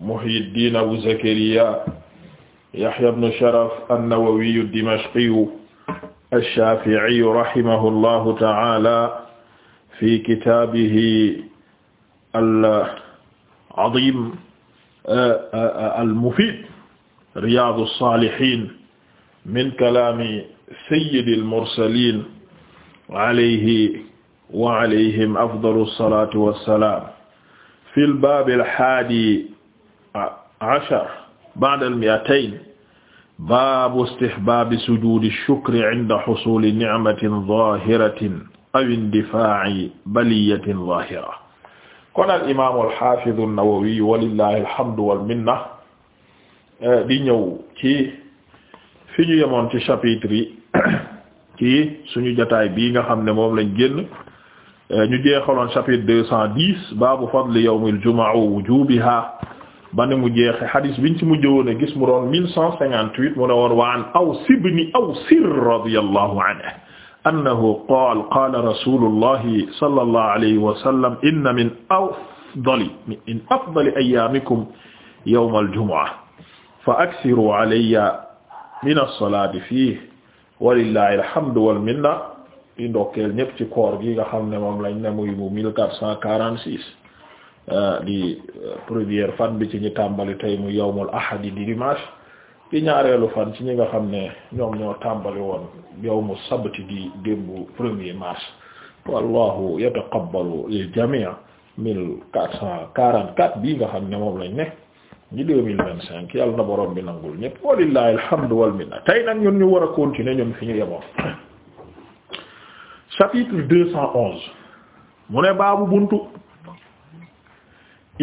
Muhyiddin Abu Zakariya Yahya ibn Sharaf an-Nawawi ad-Dimashqi ash-Shafi'i rahimahullahu ta'ala fi kitaabihi al-'azim al-mufid Riyadu s-Salihin min kalaami sayyidi l-mursalin alayhi wa alayhim afdalu s-salaatu wa s-salaam fi lbaabi alhaadi ashar ba'da al-mi'atayn baabu istihbaabi sujuudi shukri 'inda husuuli ni'matin zaahiratin aw indifaa'i baliyyatin zaahira kon al imaamu al-haafidu an-nawawi walillaahi alhamdu wal minna di ñëw ci fi ñu yemoon ci chapitre yi ci suñu jotaay bii nga xam ne moom lañ génn Euh, ñu jeexaloon chapitre deux cent dix baabu fadli yawmil jumaa wa wujubiha ba ni mu jeexe xadis biñ ci mujj woon a gis mu doon mille cent cinquante huit mu ne woon wa an Aws ibn Awsir radiyallahu anhu annahu qaala qaala rasulullahi sallallahu alayhi wa sallam inna min afdali min afdali ayyaamikum yawmal jumu'a fa aksiru alayya mina salaati fiihi walillahi alhamdu wal minna di ndokkeel ñëpp ci koor gi nga xam ne moom lañ ne muy bu mille quatre cent quarante six euh, di euh, première fan bi ci ñi tàmbali tey mu yawmul ahad di dimanche di ñaareelu fan ci ñi nga xam ne ñoom ñoo tàmbali woon yawmu sabti di démbu premier mars wallahu yataqabbalu lil jami' mille quatre cent quarante quatre bii nga xam ne moom lañ ne ñi deux mille vingt cinq yàlla na borom bi nangul ñëpp walillahi alhamdu wal minna tey nag ñun ñu war continuer ñun fi ñu chapitre mu ne baabu buntu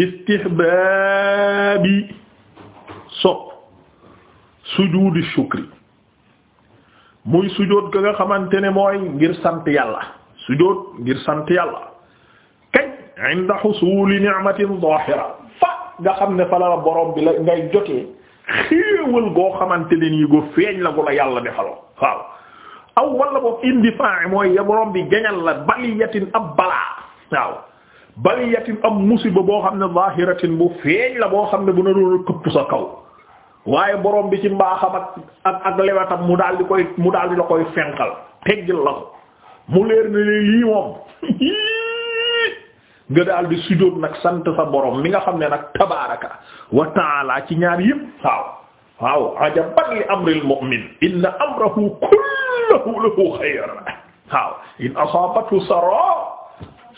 istihbaabi sopp sujuudi shukri muy sujoot ga nga xamante ne mooy ngir sant yàlla sujoot ngir sant yàlla kañ inda xusuli ni'matin zahira fa nga xam ne fa la borom bi la ngay jotee xéewal goo xamante ne nii go feeñ la gu la yàlla defal waaw aw walla boog indi faa mooy ya borom bi gañal la baliyatin ab balaa waaw baliyatin ab musiba boo xam ne zahiratin bu feeñ la boo xam ne bu na doon këpp sa kaw waaye boroom bi ci mbaaxam ak ak ak mu daal di koy mu daal di la koy fenqal teggil la ko mu leer ne lii moom nga daal di sujjóot nag sant sa borom mi nga xam ne nag tabaaraka wa ci ñaar yépp waaw waaw ajaban li amril mu'min inna amrahu kulluhu lahu xayr waaw in asaabathu saraa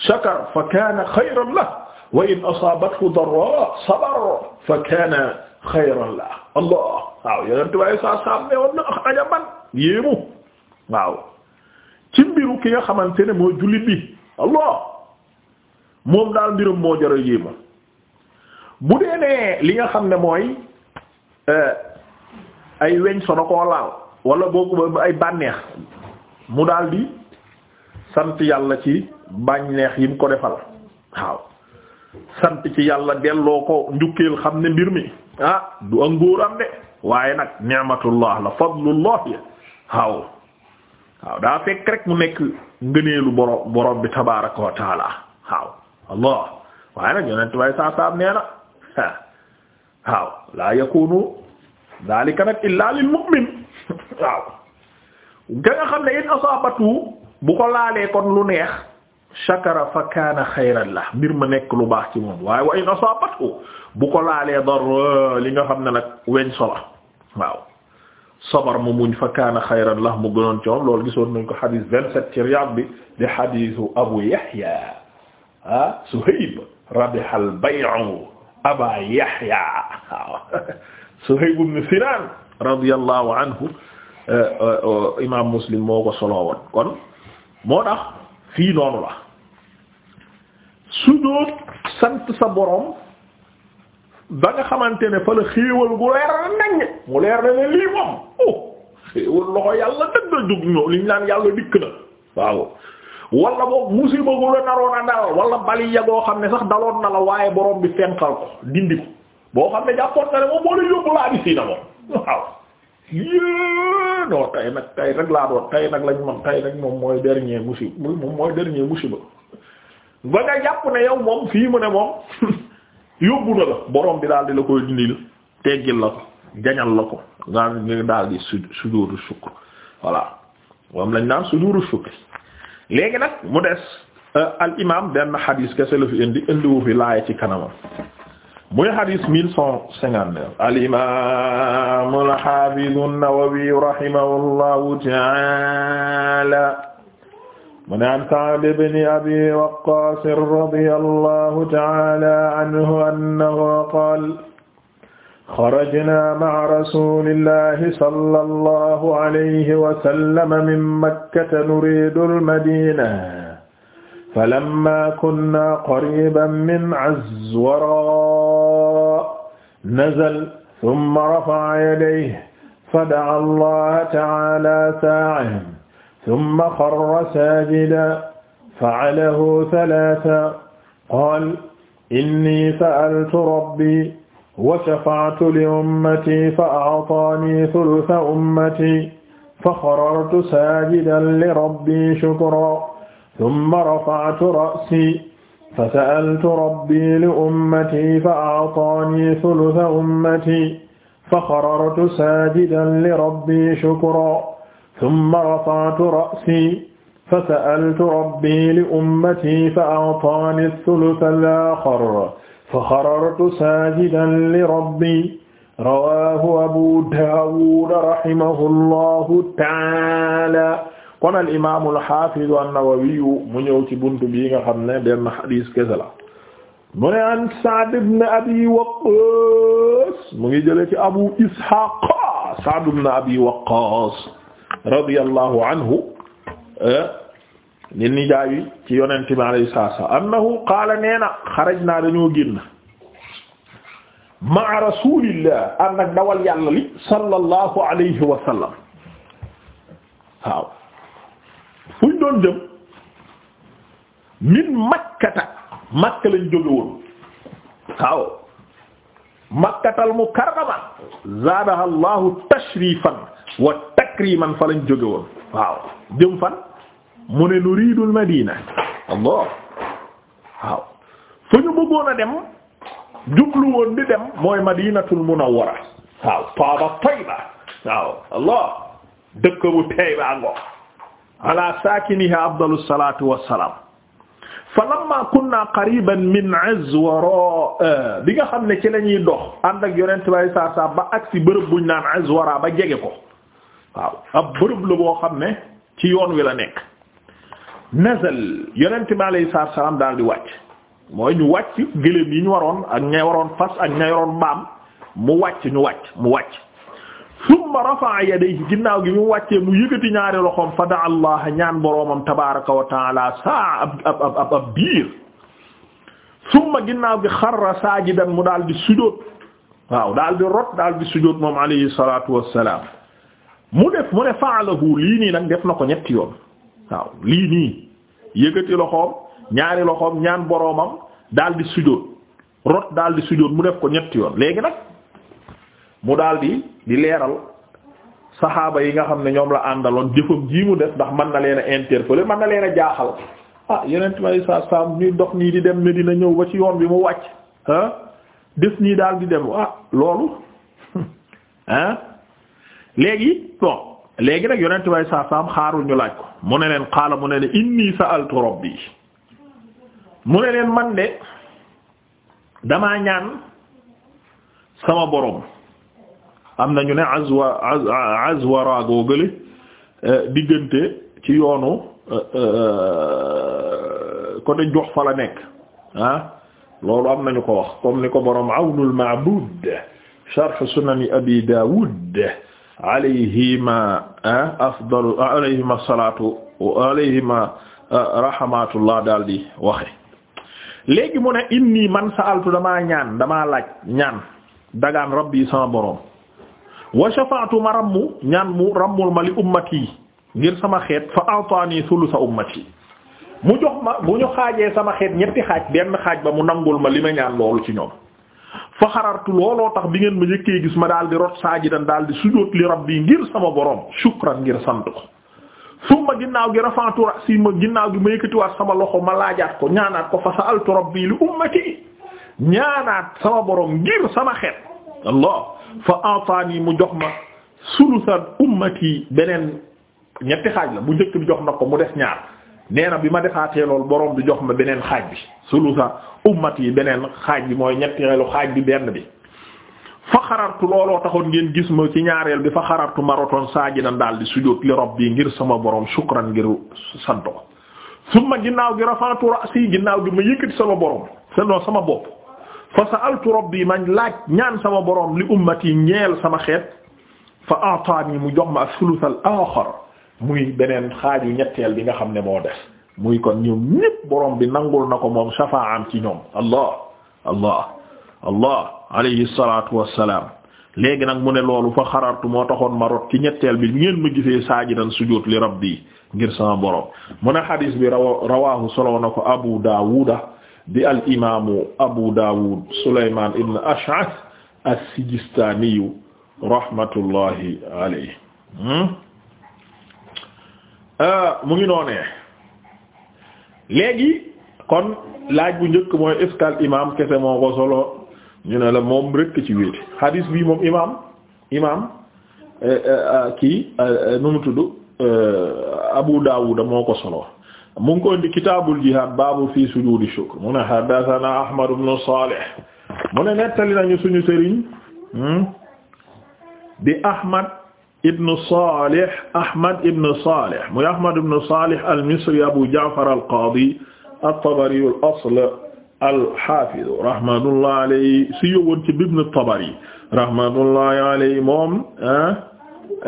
shakara fa kaana xayran lahu wa in asaabathu darraa sabara fa kaana xayran lahu allah waaw yonent bi alayhi salaam ne woon na ajaban yéemu waaw ci mbiru ki nga xamante ne moo jullit bi allah moom daal mbirum moo jar a yéemu bu dee ne li nga xam ne mooy euh, ay weñ sono koo laal wala boo ay bànneex mu daal di sant yàlla ci bànneex yi mu ko defal waaw sant ci yàlla delloo ko njukkeel xam ne mbir mi ah du ak ngóor am de waaye nag ni'matullah la fadlullah waaw waaw daa fekk rek mu nekk ngëneelu borom borom bi tabaaraka wa taala allah waaye nag yonent way saa saam nee na waaw laa yakunu daalika nag illaa lil mu'min waaw ga nga xam ne in asaabatu bu ko laalee kon lu neex shakara fa kaana xayran la mbir ma nekk lu baax ci moom waaye wa in asaabatu bu ko laalee dar li nga xam ne nag weñ sola waaw sabar mu muñ fa kaana xayran la mu gënoon ci moom loolu gisoon nañ ko xadiis vingt-sept ci Riyaad bi di xadiisu Abu Yahya ah Suhayb rabiha al bay'u Aba Yahya waaw Suhayb ibn Sinan radiyallahu anhu eh, eh, eh, imam Muslim moo ko solo kon moo tax fii noonu la sujjóot sant sa borom ba nga xamante ne fa la xéewal gu leer nañ mu leer na ne lii moom oh xéewal loxo yàlla dëgg la jóg ñoo liñ naan yàlla dikk na waaw wala boog musiba gu la naroon a dal wala bali yagoo xam ne sax daloon na la waaye borom bi fenqal ko dindi ko boo xam ne jàppoon na ne moom moo lay yóbbu laa bi si moom waaw yée non tay nag tay rek laa doon tay nag lañ man tay rek moom mooy dernier musiba musiba ba nga jàpp ne yow moom fii mu ne moom yóbbu na la borom bi daal di la koy dindil teggil la ko jañal la ko nga nga daal di su sujudu shukr voilà moom lañ naan sujudu shukr léegi nag mu des euh, al imam benn xadiis kese la fi indi indiwu fi laaya ci kanamam muy hadis mille cent cinquante neuf al imam al hafiz an-Nawawi rahimahullahu ta'ala mu ne an Sa'd ibn Abi Waqqas radiyallahu ta'ala anhu annahu qala xarajna ma'a rasulillahi sallallahu alayhi wa sallam min makkata nuridu al-madina falamma kunna qariban min azwara nazal thumma rafa'a yadayhi fada'a allaha ta'ala saa'ihan thumma xarra saajidan fa'alahu thalathan qaala inni sa'altu rabbi wa shafa'tu li ummati fa'a'taani thulutha ummati faxarartu saajidan li rabbi shukran tumma rafa'tu ra'si fa sa'altu rabbi li ummati fa a'taani thulutha ummati fa xarartu saajidan li rabbi shukran tumma rafa'tu ra'si fa sa'altu rabbi li ummati fa a'taani thulutha al-aaxar fa xarartu saajidan li rabbi rawaahu abu daawuud rahimahu llaahu ta'aalaa kon al imaamul xaafizu an-Nawawi mu ñëw ci buntu bii nga xam ne benn xadiis kese la mu ne an Sa'd ibn Abi Waqqaas mu ngi jëlee ci Abu Ishaaq Sa'd ibn Abi Waqqaas radiyallahu anhu eh, nit ñi jaay ci yonent bi alayhi salaatu wa salaam annahu qaala nee na xarajnaa dañoo génn ma'a rasuulillah ànd ak dawal yàlla li sallallahu alayhi wa sallam ñu doon jëm min makkata makka lañ jóge woon waaw zaadaha allahu tashrifan wa takriman fa lañ jóge woon waaw jëm fan mu ne allah waaw fu ñu bëggoon dem jublu di dem mooy madinatul munawwara waaw taaba tayba waaw allah dëkk bu tayba ngo ala saakiniha afdalu salaatu wassalaam fa lamma kunna qariban min izz wara euh, bi nga xam ne ci la ñuy dox ànd ak yonent bay saa saa ba agsi bërëb buñ naan izz wara ba jege ko waaw ab bërëb la boo xam ne ci yoon wi la nekk nazal yonent bi alayhi salaatu salaam daal di wàcc mooy ñu wàcc gëléem yi ñu waroon ak ñay waroon fas ak ñay waroon mbaam mu wàcc ñu wàcc mu wàcc summa rafa'a yadayhi ginnaaw gi mu wàccee mu yëkkati ñaari loxoom fa daa allah ñaan boroomam tabaaraka wa ta'ala saa ab ab ab ab biir summa ginnaaw gi xarra saajidan mu daal di sujóot waaw daal di rot daal di moom alayhi salaatu wassalaam mu def mu ne fa'alahu lii nii nag def na ko ñetti yoon waaw lii nii yëkkati loxoom ñaari loxoom ñaan boroomam daal di rot daal di mu def ko ñetti yoon léegi nag. mu daal di di leeral saxaaba yi nga xam ne ñoom la àndaloon jëfam jii mu def ndax man na leen a man mën na leen a jaaxal ah yeneen may sa saam ñuy dox nii di dem dina ñëw ba ci yoon bi mu wàcc ah def nii daal di dem ah loolu ah léegi bon léegi nag yonent way saa saam xaarul ñu laaj ko mu ne leen xaala mu ne leen inni sa'altu rabbi mu ne leen man de damaa ñaan sama borom am na ñu ne azwa azwara googale euh, diggante ci yoonu euh, euh, côté jox fa la nekk ah loolu am nañu ko wax comme ni ko boroom awnul ma'bud sharh sunani abi dawud alayhima ah, afdalu alayhima salatu alayhima ah, rahmatullah daal di waxe léegi mu ne inni man sa'altu damaa ñaan damaa laaj ñaan dagaan rabbi sama boroom wa shafaatu ma rammu ñaan mu rammul ma li ummati ngir sama xeet fa ataani thulutha ummati mu jox ma bu ñu xaajee sama xeet ñetti xaaj benn xaaj ba mu nangul ma li ma ñaan loolu ci ñoom fa xarartu looloo tax bi ngeen ma njëkkee gis ma daal di rot saajidan daal di sujóot li rabbi ngir sama borom shukran ngir sant ko ma ginnaaw gi rafantu si ma ginnaaw gi ma yëkkatiwaat sama loxo ma laajaat ko ñaanaat ko fa sa'altu rabbi li ummati ñaanaat sama borom ngir sama xeet fa ataani mu jox ma sulusan yi beneen ñetti xaaj la bu njëkk bi jox na ko mu des ñaar nee bi ma defaatee lool boroom bi jox ma beneen xaaj bi sulusa yi beneen xaaj bi mooy ñetteelu xaaj bi benn bi fa xarartu looloo taxoon ngeen gis ma ci ñaareel bi fa xarartu maroton saajidan daal di sujjóot li rabbi ngir sama boroom shukran ngir santo summa ginnaaw gi rafaatu ra'si ginnaaw gi ma yëkkati sama borom seno sama bopp fa sa'altu rabbi man laaj ñaan sama boroom li ummati ñeel sama xeet fa a'taani mu jox ma as-sulus al-aaxar muy beneen xaaju ñetteel bi nga xam ne moo def muy kon ñoom ñépp borom bi nangul na ko moom shafaa'am ci ñoom allah allah allah alayhi salaatu léegi nag mu ne loolu fa xarartu moo taxoon ma rot ci ñetteel bi ngeen ma gisee saajidan sujuud li rabbi ngir sama borom mu ne xadiis bi rawa rawaahu solo ko abu daawuda di al imaamu Abu Dawud Souleymane Ibn Ash'ath as-Sijistaaniyu rahmatullahi alayhi hmm? euh, mu ngi noonee léegi kon laaj bu njëkk mooy est-ce que al imaam kese moo ko solo ñu ne la moom rekk ci wéete hadis bi moom imaam imaam euh, euh, kii nu mu tudd Abu Dawud moo ko solo. mu ngi ko indi kitaabul jihaad baabu fii sujuudi shukr mu ne haddasanaa Ahmad ibn Saalih mu ne nettali nañu suñu sëriñ hmm, di Ahmad ibn Saalih Ahmad ibn Saalih muy Ahmad ibn Saalih al-Misri Abu Ja'far al-Qaadi at-Tabari al-asl al-Haafiz rahmatullahi alayhi si yowoon ci Ibn at-Tabari rahmatullahi alayhi moom ah,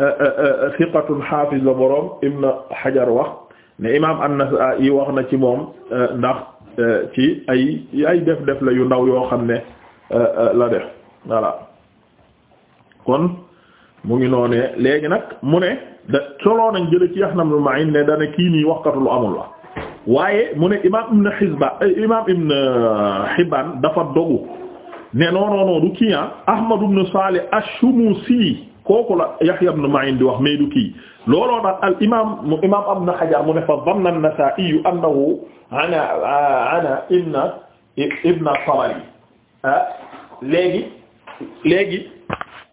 ah, ah, thiqatun haafiz la boroom Ibn Hajar wax ne imaam an-Nasaa'i wax na ci moom euh, ndax euh, ci ay ay def def la yu ndaw yoo xam ne euh, la def voilà kon mu ngi noonee léegi nag mu ne da soloo nañ jële ci Yahya ibn Ma'in ne dana kii nii waxkatu lu amul waaye mu ne imaam Ibn Hizba imaam Ibn Hibbaan dafa dogu ne non non non du kii ah, Ahmad ibn Salih ash-Shumusi kooku la Yahya ibn Ma'in di wax mais ki kii looloo tax al imaam mu imaam mu ne fa dhanna an-Nasaa'i annahu ana Tabari ah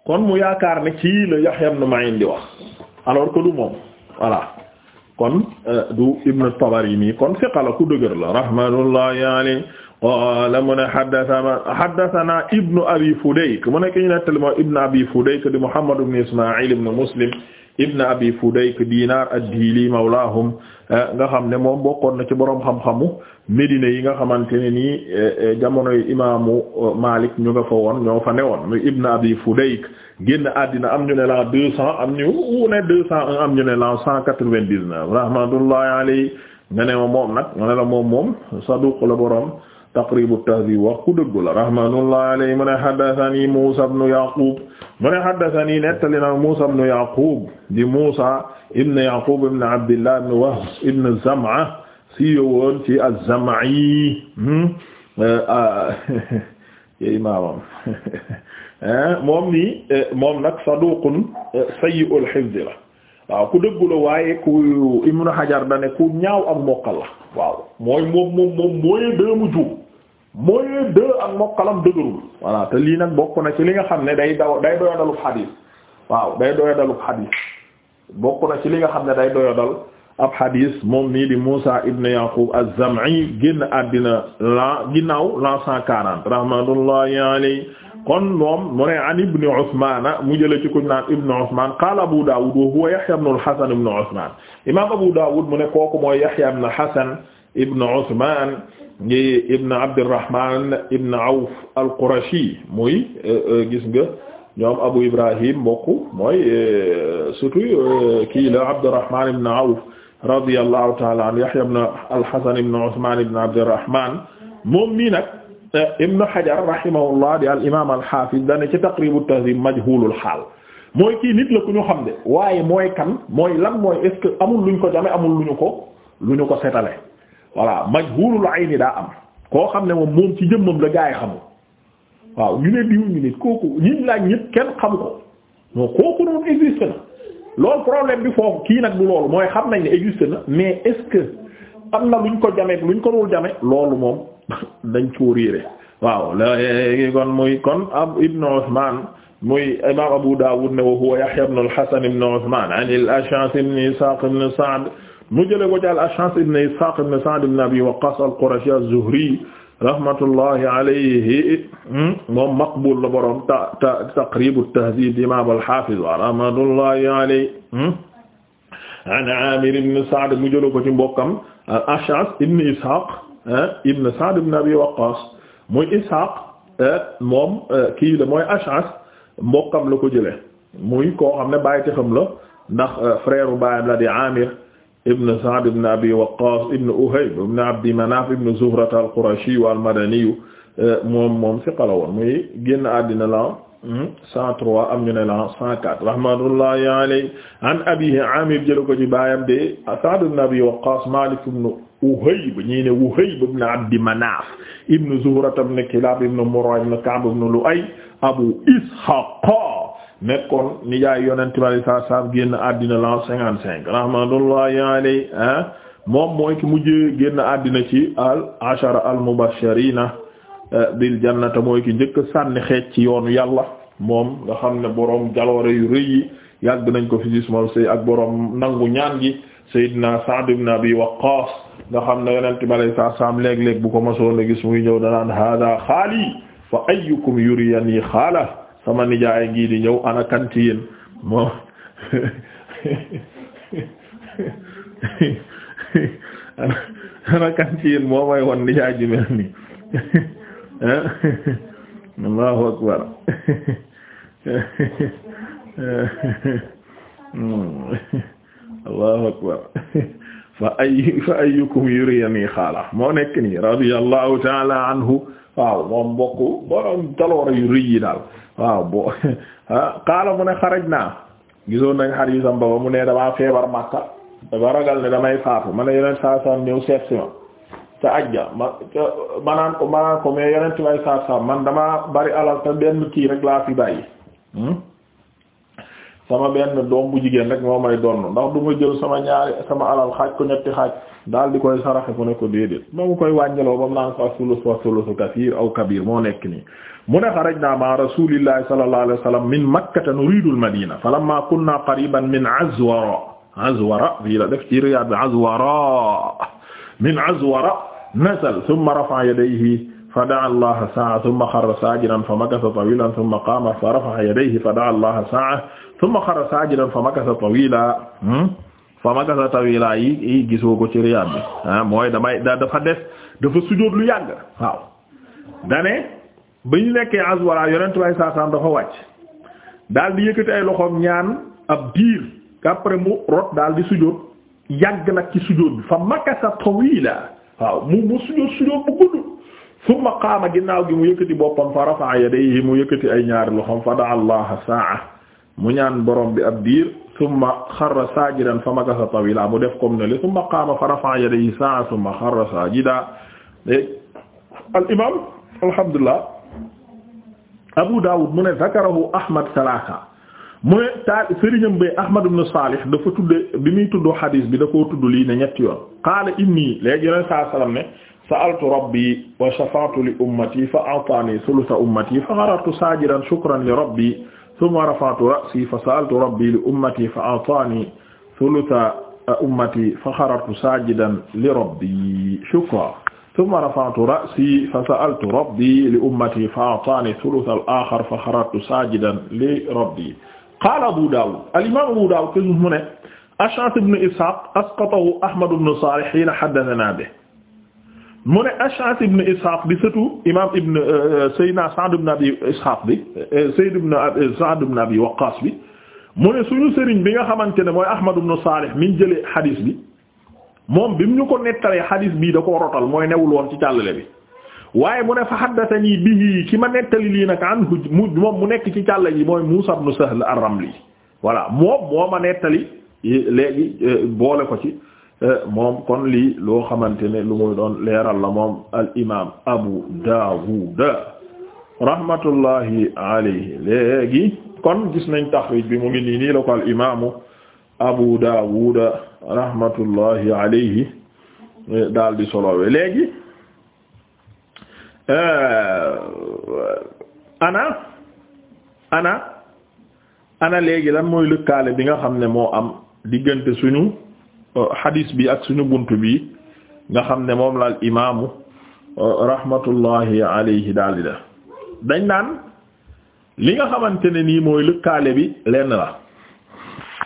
kon mu yaakaar ne kii la Yahya ibn Ma'in di wax alors que du moom kon euh, du ibn Tabari nii kon fiqa ku dëgër la rahmatullahi alayhi qaala mu ne haddathana haddathana ibnu abi fudayk mu nekk ñu nettali moo ibnu abi fudayk di muhammad ibn isma'il ibn muslim ibnu abi fudayk dinar ad-dili mawlahum nga xam ne moom bokkoon na ci boroom xam-xamu médina yi nga xamante ne nii jamonoy imaamu malik ñu nga fa woon ñoo fa ne muy ibnu abi fudayk génn àddina am ñu ne la deux cent am ñu ne deux cent am ñu ne la cent quatre-vingt-dix-neuf rahmatullahi alayhi nga ne ma moom nag nga ne la moom moom saduq boroom taqribu tahdib wax ku dëggu la rahmatullahi alayhi mu ne haddathani Musa ibn Yaqub mu ne haddathani nettali na Musa ibn Yaqub di Musa ibn Yaqub ibn Abdillah ibn Wahb ibn Zam'a si yowoon ci az-Zam'i imaamam hmm? eh, eh, moom ni eh, moom nag saduqun sayyi'ul hifz la waaw ku dëggu la waaye ku Ibnu Hajar da ne ku ñaaw ak mokkal la waaw mooy moom moom moom mooy deux mu juum mooy deux ak mokkalam dëgërul voilà te lii nag bokk na ci li nga xam ne day daw day doyadalub xadiis waaw day doyadalub xadiis bokk na ci li nga xam ne day doyadal ab xadiis moom nii di Muusa ibn Yaqub az-Zam'i génn àddina la ginnaaw l'an cent quarante rahmatullahi alayhi kon moom mu ne an ibni Usmaan mu jële ci kuñ naan ibni Usmaan qaala Abu Daawud wa huwa Yahya ibn al-Hasan ibn Usmaan imaam Abu Daawud mu ne kooku mooy Yahya ibn Hasan ibn Usmaan ngi ibn Abdurrahmaan ibn Awf al-Qurashi muy euh, euh, gis nga ñoom Abu Ibrahim mbokk mooy euh, surtout kii la Abdurrahmaan ibn Awf radiyallahu ta'ala anhu Yahya ibn al-Hasan ibn Usmaan ibn Abdurrahmaan moom mii nag ibnu hajar rahimahullah di al imam al hafiz dane ci taqrib at-tahdhib majhulul xaal mooy kii nit la ku ñu xam de waaye mooy kan mooy lan mooy est ce que amul luñ ko jame amul lu ñu ko lu ñu ko setale voilà majhulul ayni daa am koo xam ne moom moom ci jëmmam la gaa yi waaw ñu ne kooku ñiñ laaj ñëpp kenn xamu ko moo kooku problème bi foofu kii nag du mooy xam nañ ne existe na mais am na luñ ko jameeg luñ ko dul jame loolu moom dañ ko réere waaw léegi kon muy kon ab ibn Usman muy imam Abu Dawud ne wa huwa Yahya ibn al-Hasan ibn Usman an al-Ash'ath ibn Ishaq ibn Sa'd mu jële ko ci al-Ash'ath ibn Ishaq ibn Sa'd ibn Abi Waqqas al-Qurashi az-Zuhri rahmatullahi alayhi moom maqbul la borom ta ta Taqrib at-Tahdhib imam al-Hafiz rahmatullahi alayhi hmm? an Amir ibn Sa'd mu jële ko ci mbokkam al-Ash'ath ibn Ishaq Eh, ibn Sa'd ibn Abi Waqqas muy Ishaq eh, moom eh, kii la mooy Ash'as mbokkam la ko jële muy koo xam ne bàyyi xam la ndax frère baayam la di Amir ibn Sa'd ibn Abi Waqqas ibn Uhayb ibn Abdi Manaf ibn Zuhra al-Qurashi wal-Madani moom moom siqa la woon muy génn àddina la 103 hmm, am ñu ne la 104 rahmatullahi alayhi Abi Waqqas Malik ibn Wuhayb ñii ne Wuhayb ibn Abdi Manaf ibn Zuhra ibn Kilab ibn Murra ibn Ka'b ibn Lu'ay Abu Ishaqa nekkoon nijaay Yonent bi sallallahu génn àddina la cinquante cinq rahmatullahi alayhi moom mooy ki mujjee génn àddina ci al ashara al mubashirina eh, bil jannata mooy ki njëkk sànni xeec ci yoonu yàlla moom nga xam ne boroom jaloore yu rëy yi yàgg nañ ko fi gis moom sëy ak boroom nangu ñaan gi Seydina Sa'd ibn Abi Waqqas nga xam ne yonent bi alayhi salaatu salaam léeg-léeg bu ko mosoon a gis muy hada xaali fa ayyukum yuriyani xaala sama nijaay ngi di ñëw ana kan ana kan moo may won nijaay ji mel nii Allahu akbar hmm. allahu akbar fa ay fa ayyukum yuriyani xaala moo nekk nii radiyallahu taala anhu waaw moom mbokku borom taloora yu rëy yi daal waaw boo xaala ah, mu ne xaraj naa gisoon nañ xarisam baba mu ne damaa feebar Makka dafa ragal ne damay faatu ma ne yonent saa saam ñëw seet ma ca ajja ma ca manaan ko manaan ko mais yonent may saa saam man dama bari alal te benn kii rek laa fi bàyyi hmm? sama benn doom bu jigéen rek moo may donn ndax du ma jël sama ñaari sama alal xaaj ko ñetti xaaj daal di koy saraxe mu ne ko déedéet ma mu koy wàññiloo ba mu naan ko asulus wa sulusu kasiir aw kabir moo nekk nii mu ne xarajna ma rasulillahi sallallahu alayhi wa sallam min makkata nuridu al-madina falamma kunna qariban min azwara la def ci riyaad bi azwara min azwara nazal thumma rafa'a yadayhi فدعا الله ساعة ثم خر ساجدا فمكث طويلا ثم قام فرفع يديه فدعا الله ساعة ثم خر ساجدا فمكث طويلا hmm? فمكث طويلا yi gisoo ko ci Riyad bi mooy damay dafa def dafa sujjóot lu yàgg waaw dane ba ñu nekkee Azwara yonent way saasaam dafa wàcc daal di yëkkati ay loxoom ñaan ab diir après mu rot daal di sujjóot yàgg nag ci sujjóot bi fa makasa tawila waaw mu mu sujjóot sujjóot bu gudd summa qaama ginnaaw gi mu yëkkati boppam fa rafa'a yadayhi mu yëkkati ay ñaari loxoom fa da'a allaha saa'a mu ñaan borom bi ab diir summa xarra saajidan fa makasa tawila mu def comme ne li summa qaama fa rafa'a yadayhi saa'a summa xarra saajida al imam Abu Dawud mu ne zakarahu Ahmad salaasa mu ne taal sëriñam bi Ahmad ibn Salih dafa tudde bi muy tudd xadiis bi da tudd lii ne ñetti yoon qaala inni léegi yoneen saa sallam ne sa'altu rabbi wa shafa'tu li ummati fa a'tani thulutha ummati fa gharartu sajidan shukran li rabbi thumma rafa'tu ra'si fa sa'altu rabbi li ummati fa a'tani thulutha uh, ummati fa gharartu sajidan li rabbi shukran thumma rafa'tu ra'si fa sa'altu rabbi li ummati fa a'tani thulutha al-akhar fa gharartu sajidan li rabbi qaala Abu Daawud al-imaam Abu Daawud mu ne Ash'ath ibn Ishaq asqatahu Ahmad ibn Salih hiina haddathanaa bihi mu ne Ash'ath ibn Ishaq di sëtu imaam ibn euh, euh, Seydina saadu ibn Abi Ishaq bi euh, Sayd ibn Sa'd ibn Abi Waqqas bi mu ne suñu sëriñ bi nga xamante ne mooy Ahmad ibn Salih mi ñu jëlee xadiis bi moom bi mu ñu ko nettalee xadiis bii da koo rotal mooy newul woon ci jàllale bi waaye mu ne fa haddathanii bihi ki ma nettali lii nag anhu mu moom mu nekk ci jàllale yi mooy Muusaa ibn Sahl ar-Ramli voilà moom moo ma nettali léegi boole ko ci. Euh, moom kon lii loo xamante ne lu muy doon leeral la moom al imaam Abu Dawud rahmatullahi léegi kon gis nañ taxrij bi mu ngi nii nii la ko al imaamu Abu Dawud rahmatullahi alayhi eh, daal di solowee léegi eh, ana ana ana léegi lan mooy lëkkaale bi nga xam ne moo am diggante suñu hadis bi ak suñu bunt bi nga xam ne moom la al imaamu uh, rahmatullahi alayhi daal di def dañ naan li nga xamante ne nii mooy lëkkaale bi lenn la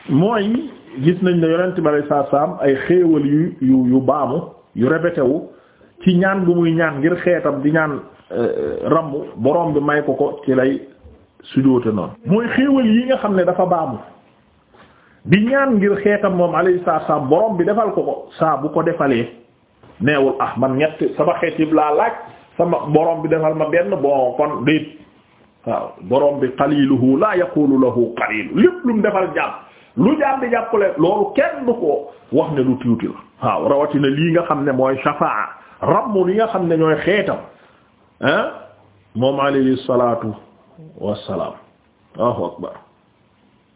mooy gis nañ ne yonent bi saa saam ay xéewal yu yu yu baamu yu répété ci ñaan bu muy ñaan ngir xeetam di ñaan uh, ramb borom bi may ko ko ci lay sujoote noonu mooy xéewal yi nga xam ne dafa baamu bi ñaan ngir xeetam moom alayhi saa borom bi defal ko ko saa bu ko defalee neewul ah man ñett sama xeet laa laaj sama boroom bi defal ma benn bon kon déet waaw borom bi qaliluhu la yaqulu lahu qalil lépp lu mu defal jàpp lu jàpp di jàppale loolu kenn du ko wax ne lu tuuti la waaw rawatina lii nga xam ne mooy shafaa ramm li nga xam ne ñooy xeetam ah moom alayhi salaatu wassalaam waaw akbar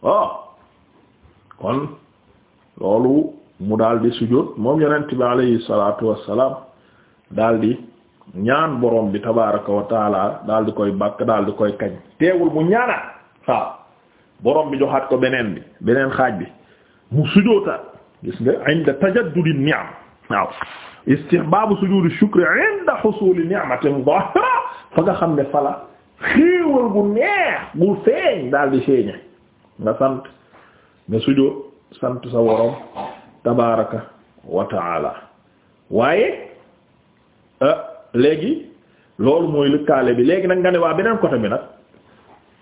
waaw oh. kon loolu mu daldi di sujjóot moom yonent bi alayhi salaatu wassalaam daal ñaan borom bi tabaaraka wa taala koy bàkk daal di koy kañ teewul mu ñaanaat waaw borom bi joxaat ko beneen bi beneen xaaj bi mu sujjóotaat gis nga inda tajaddudi ni'am waaw fa nga xam ne fala xéewal gu neex gu feeñ daal di nga sant nga sujjóot sant sa worom tabaraka wa taala waaye ah, léegi loolu mooy lëkkaale bi léegi nag nga ne waa beneen côté bi nag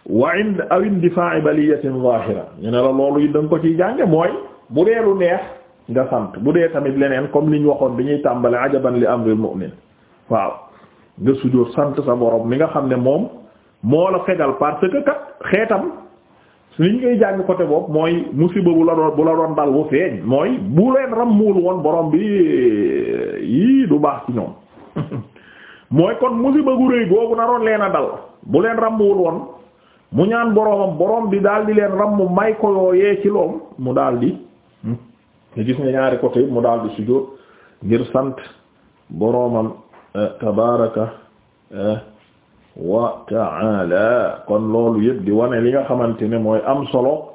wa ind aw indifaa'i baliyatin zahira ñu ne la loolu yi da ko ci jànge mooy bu dee lu neex nga sant bu dee tamit leneen comme liñ waxoon bi ñuy tàmbale ajaban li amril mu'min waaw nga sujjóot sant sa borom mi nga xam ne moom moo la fegal parce kat xeetam liñ koy jàng côté boobu mooy musiba bu la doon bu la doon dal bu feeñ mooy bu leen rammuul woon boroom bi yii du baax ci ñoom mooy kon musiba gu rëy googu naroon leen a dal bu leen rammuwul woon mu ñaan boromam borom bi daal di leen rammu may ko yooyee ci loom mu daal di hmm, nga gis nga ñaari côté mu daal di sujjóot ngir sant boromam eh, tabaraka eh, wa ta'ala kon loolu yëpp di wane li nga xamante ne mooy am solo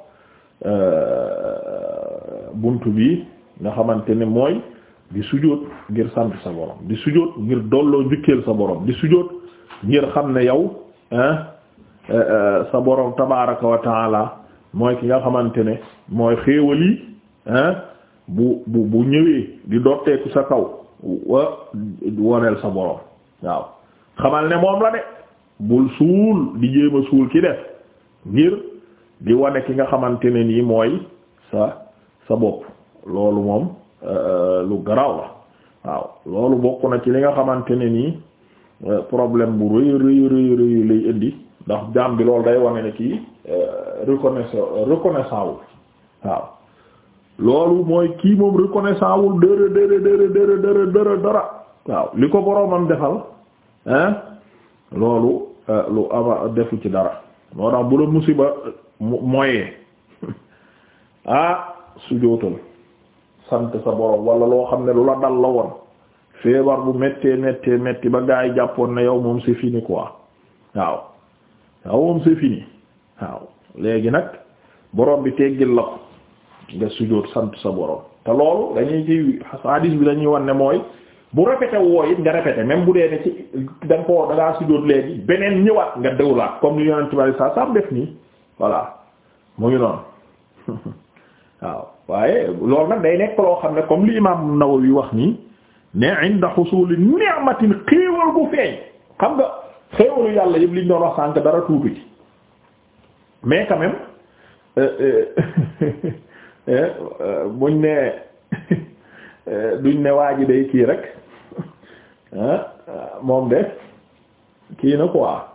euh, buntu bi nga xamante ne mooy di sujjóot ngir sant sa borom di sujjóot ngir dolloo njukkeel sa borom di sujjóot ngir xam ne yow euh, euh, sa borom tabaraka wa ta'ala mooy ki nga xamante ne mooy xéewal yi bu bu bu ñëwee di dotteeku sa kaw wa woneel sa borom waaw xamal ne moom la de bul suul di jéem suul ki def ngir di wane ki nga xamante ne nii mooy sa sa bopp loolu moom euh, lu garaaw la waaw loolu bokk na ci li nga xamante ne nii euh, problème bu rëy rëy rëy rëy lay indi ndax jaam bi loolu day wane ne ki euh, reconnaissant reconnaissant wul waaw loolu mooy kii moom reconnaissant wul dara dara dara dara dara waaw li ko boroomam defal hein loolu Euh, lu ama defu ci dara moo tax bu la musiba moyee ah sujootal sant sa borom walla loo xam ne lu la dal la woon feebar bu méttee méttee métti ba gaa yi jàppoon ne yow moom c'est fini quoi waaw yow moom c'est léegi nag borom bi teggil la ko nga sujoot sant sa borom te loolu dañuy ci hadis bi dañuy wan ne mooy bu répété woo it nga répété même bu dee ne ci da nga koo da ngaa sujjóot léegi beneen ñëwaat nga dewlaat comme ni yonent bi saa def nii voilà mu ngi noonu waaw waaye loolu nag day loo xam ne comme li imaam Nawawi wax nii ne inda xusuli ni'matin xéewal bu feeñ xam nga xéewalu yàlla yëpp liñ doon wax sànk dara tuuti ci mais quand même euh, euh, euh, ne Euh, duñ ne waa ji day kii rek ah, moom de kii na quoi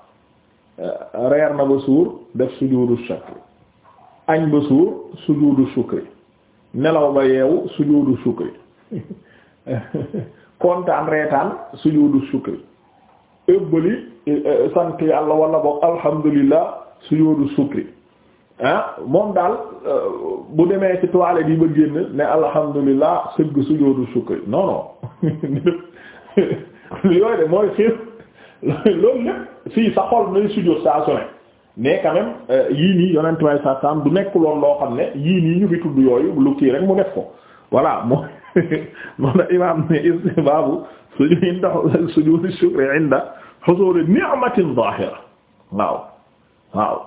euh, reer na ba suur def sujudu shukri añ ba suur sujudu shukri nelaw ba yeewu sujudu shukri kontaan reetaan sujudu shukri ëbbali euh, sant yàlla wala boog alhamdulillah sujudu shukri ah moom daal euh, bu demee ci toilette yi ba génn ne alhamdulilah sëgg sujjóotu sukri non non yooyu de mooy xiir loolu lépp si sa xol nay sujjóot saa su ne mais quand euh, yii nii yonent may sa du nekk loolu loo xam ne yii nii ñu fi tudd yooyu lu kii rek mu def ko voilà moo moom na imaam ne istihbaabu suju inda sujjóotu sukri inda husuuli ni'matin zaahira waaw waaw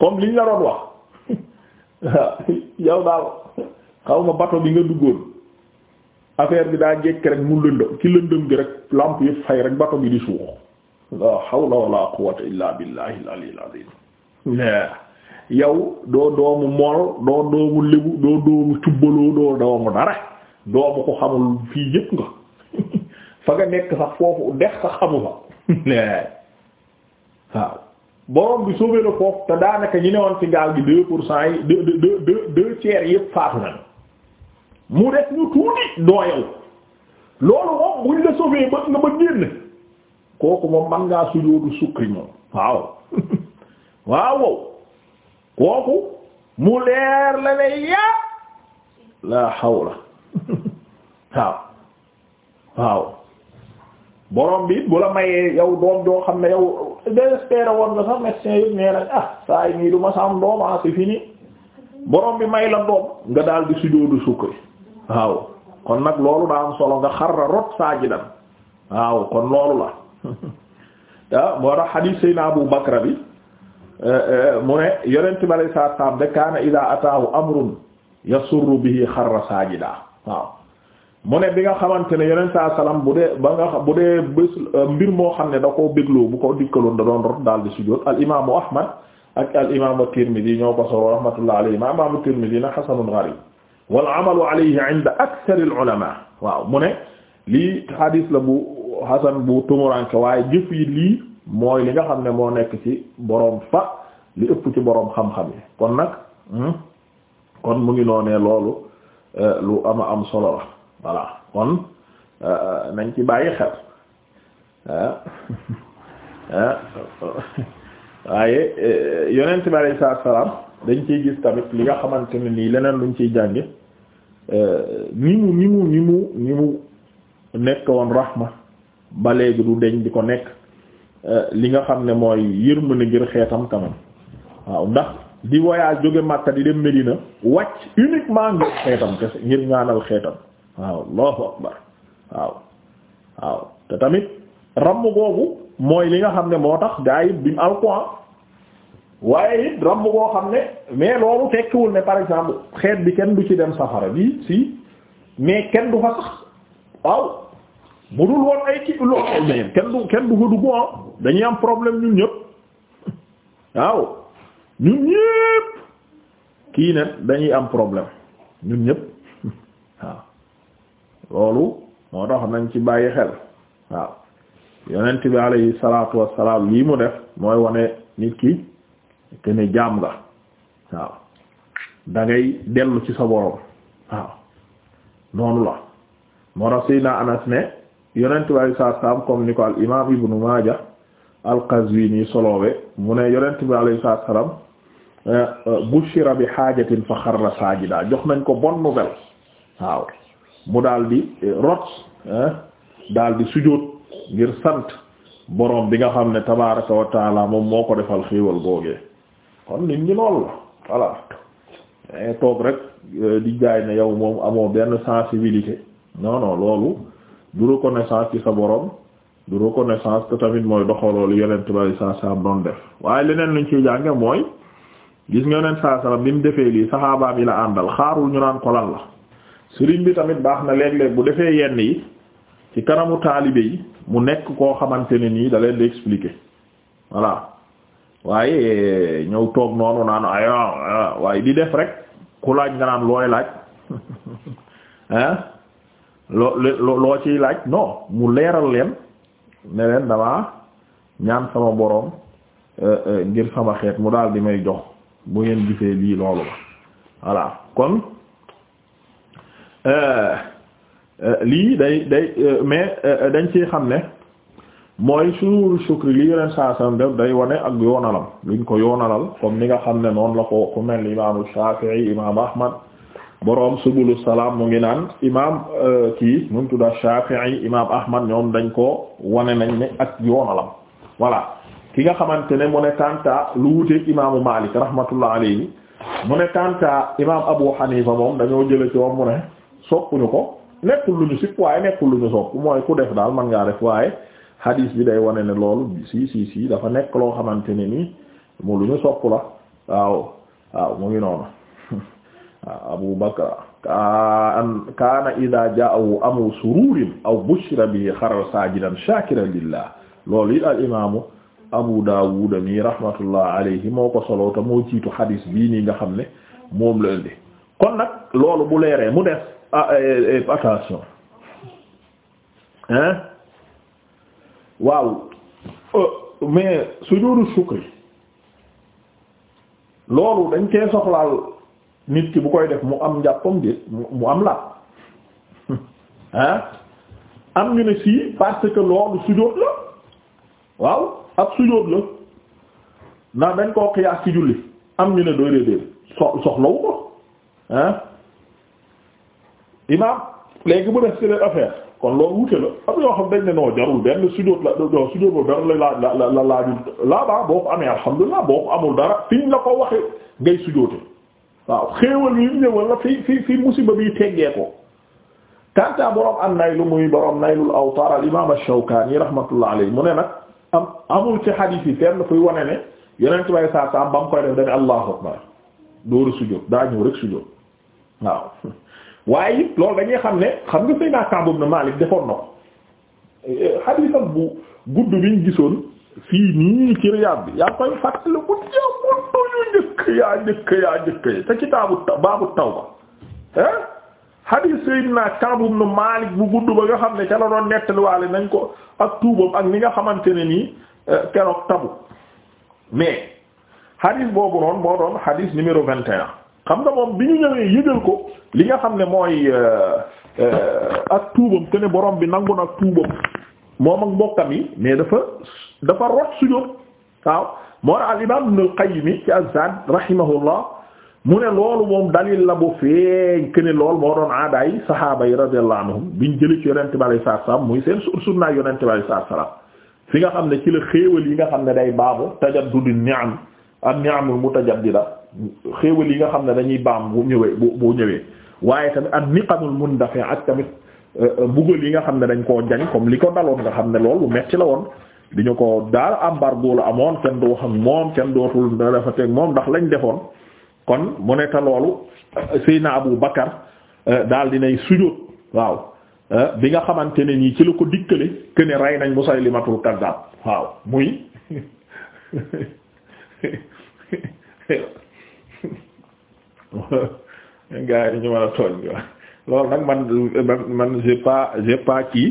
comme liñ la doon wax yow daal xaw ma bato bi nga duggoon affaire bi daa jekk rek mu lëndëm ci lëndëm gi rek lampe yëpp fay rek bato bi di suux la hawla wala quwwata illa billahi al-aliyyil azim yow doo doomu mool doo doomu lébu doo doomu cubbaloo doo doomu dara doomu ko xamul fii yëpp nga fa nga nekk sax foofu dex sax xamu fa waaw borom bi sauvé la foofu te daanaka ñu newoon ci gaal gi deux pour cent yi deux deux deux deux tiers yëpp faatu nañu mu def ñu tuuti dooyal loolu moom buñ la sauvé ba nga ba génn kooku moom man ngaa sujoodu sukri moom waaw waaw mu la xawla waaw waaw borom bi bu mayee yow doom joo xam ne yow désespéré woon nga sax médecin yi nee nañ ah, saa yi nii du ma sam doom ah c'est fini borom bi may la doom nga daal di sujjóotu sukri waaw kon nag loolu daa am solo nga xarra rot saajidan waaw kon loolu la ah moo tax hadith Abu Bakra bi eh, eh, mu ne yonent bi sallallahu alayhi de kaana idaa ataahu amrun yasurru bihi xarra saajidan waaw. mu ne bi nga xamante ne yeneen saa salaam bu dee ba nga bu dee bés euh, mbir moo xam ne da koo bégloo bu ko dikkaloon da doon rot daal di sujjóot al imaamu Ahmad ak al imaamu Tirmidi ñoo ko solo rahmatullah alayhi ma imaamu Tirmidi na xasanun gharib wal amalu alayhi inda akthar al ulama waaw mu ne lii xadiis la bu xasan bu tumuranke waaye jëf yi lii mooy li nga xam ne moo nekk ci boroom fa li ëpp ci boroom xam-xam yi kon nag hmm? kon mu ngi noonee loolu euh, lu ama am solo la. voilà kon euh, euh, nañ ci bàyyi xel euh, waaye yonent bi alayhi salaam dañ ciy gis tamit li nga xamante ne nii leneen luñ ciy jànge ni mu ni mu ni mu ni mu nekk woon rahma ba léegi du deñ di ko nekk li nga xam ne mooy yërmande ngir xeetam kanam waaw ndax di voyage jóge Makka di dem Medina wàcc uniquement ngir xeetam kese ngir ñaanal xeetam waaw allahu akbar waaw waaw te tamit ramm googu mooy li nga xam ne moo tax gaa yi bimu alquran waaye it ramm goo xam ne mais loolu tekkiwul ne par exemple xeet bi kenn du ci dem safara bi si mais kenn du fa sax waaw bu dul woon ay kii lool mais kenn du kenn du fa dugg ah. dañuy am problème ñun ñëpp waaw ñun ñëpp kii ne dañuy am problème ñun ñëpp waaw loolu moo tax nañ ci bàyyi xel waaw yonent bi alayhi salaatu wassalaam lii mu def mooy wone nit ki te ne jaam nga waaw da dellu ci sa borom waaw noonu la moo tax Seydina Anas ne yonent bi alayhi salaatu wassalaam comme ni ko al imaam Ibnu Maaja al-Qazwini soloowe mu ne yonent bi alayhi salaatu eh, eh, bushira bi haajatin fa xarra saajida jox nañ ko bonne nouvelle waaw mu daal di eh, rot eh, daal di sujóot ngir sant borom bi nga xam ne tabaraka wa taala moom moo ko defal xéewal googee kon nit ñi lool la voilà eh, toog rek di jaay ne yow moom amoo benn sensibilité non non loolu du reconnaissance ci sa borom du reconnaissance te tamit mooy doxaloolu yonent bari saa saam doon def waaye leneen luñ ciy jànge mooy gis nga yonent saa saam bi mu defee lii saxaabaam yi la àndal xaarul ñu naan ko la sëriñ bi tamit baax na léeg-léeg bu defee yenn yi ci kanamu taalibe yi mu nekk koo xamante ne nii da leen di expliquer voilà waaye eh, ñëw toog noonu naan ayo waaye di def rek ku laaj nga naan looy laaj ah loo loo ciy laaj non mu leeral leen ne leen damaa ñaan sama boroom eh, eh, ngir sama xeet mu daal di may jox bu ngeen gisee lii loolu la voilà kon. Euh, euh, lii day day euh, mais dañ ci xam ne mooy suur sukri li yeneen saa sam def day wane ak yoonalam luñ ko yoonalal comme ni nga xam ne noon la ko ku mel imaamu Shafi'i imaamu Ahmad boroom subulu salaam mu ngi naan imaam kii nu mu tudd Shafi'i imaam Ahmad ñoom dañ ko wane nañ ne ak yoonalam voilà ki nga xamante ne mu ne Kanta lu wuteeg imaamu Malik rahmatullah alayhi mu ne Kanta imaam Abu Hanifa moom dañoo jële ci moom mu ne. soppuñu ko nekkul lu ñu si waaye nekkul lu ñu sopp mooy ku def daal mën ngaa def waaye hadis bi day wane ne loolu si si dafa nekk loo xamante ne ni mu lu ñu sopp la waaw waaw mu ngi noonu waaw Abu Bakr kaana ida jaawu amu sururin aw bushra bi xara sajidan shakiran lillah loolu it al imaamu Abu Dawud mi rahmatullah alayhi moo ko solo te moo jiitu hadis bii nii nga xam ne moom la indi kon nag loolu bu leeree mu des attention ah, eh, eh, eh, hein waaw oh, mais sujudu shukri loolu dañ koy soxlaal nit ki bu koy def mu am njàppam déet mu am laat hein am ñu ne sii parce que loolu sujóot la waaw ab sujóot la ndax dañ koo xiyaas ci julli am ñu ne doy dee dee soxlawu ko hein imaam léegi bu def seen affaire kon loolu wute la am yoo xam dañ ne noo jarul benn sujjóot la sujjóot boobu dara la la la la laajul laabaa boo ko amee alhamdulilah boo ko amul dara fiñ la ko yi ñëwal la fi fi fi musiba ci xadiis yi fenn fuy wane ne yeneen tubay daa ñëw rek sujjóot waaw waaye it loolu dañuy xam ne xam nga Seydina Ka'b ibn Malik defoon na ko xadiisam bu gudd bi ñu gisoon fii nii ci Riyad bi yaa koy fàttali bu jàppoon ñu njëkk yaa njëkk yaa njëkk ya ca kitaabu baabu tawba ah xadiis Seydina Ka'b ibn Malik bu gudd ba nga xam ne ca la doon nettaliwaale nañ ko ak tuubam ak ni nga xamante ne nii eh, keroog tabu mais xadiis boobu noonu moo doon xadiis numéro vingt un xam nga moom bi ñu ñëwee yëgal ko li nga xam ne mooy euh, euh, ak tuubam te ne borom bi nangu na ak tuubam moom ak mbokkam yi mais dafa dafa rot sujjóot waaw moo al imaam Ibn al-Qayyim ci az-Zaad rahimahullah mu ne loolu moom dalil la bu feeñ que lool moo doon aadaay saxaaba yi radiyallahu anhum biñ jëlee ci yonent bi alayhi salaam muy seen sunnaay yonent bi alayhi salaam fi nga xam ne ci la xéewal yi nga xam ne day baabu tajaddud ni'am am an-ni'amul mutajaddida xéewal yi nga xam ne dañuy baam bu ñëwee bu bu ñëwee waaye tamit an-niqamul mundafi ak tamit euh, mbugal yi nga xam ne dañ koo jañ comme li ko daloon nga xam ne loolu metti la woon di ñu ko daal embargo la amoon kenn du xam ak moom kenn dootul da dafa teeg moom ndax lañ defoon kon mu ne te loolu Seyna Abu Bakar euh, daal dinay sujjóot waaw euh, bi nga xamante ne nii ci la ko dikkale que ne rey nañ Musaylimatul Kazzab waaw muy gars yi ñu mën a tooñ bi wax man man man j'ai pas j'ai kii